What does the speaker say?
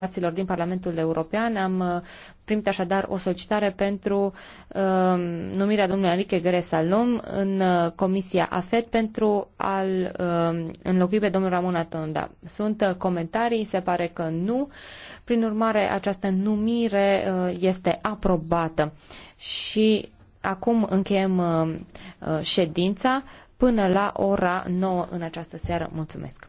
deputaților din Parlamentul European. Am uh, primit așadar o solicitare pentru uh, numirea domnului Enrique Gresalom în uh, Comisia AFET pentru a-l uh, înlocui pe domnul Ramon Atonda. Sunt uh, comentarii, se pare că nu. Prin urmare, această numire uh, este aprobată. Și acum încheiem ședința până la ora 9 în această seară. Mulțumesc!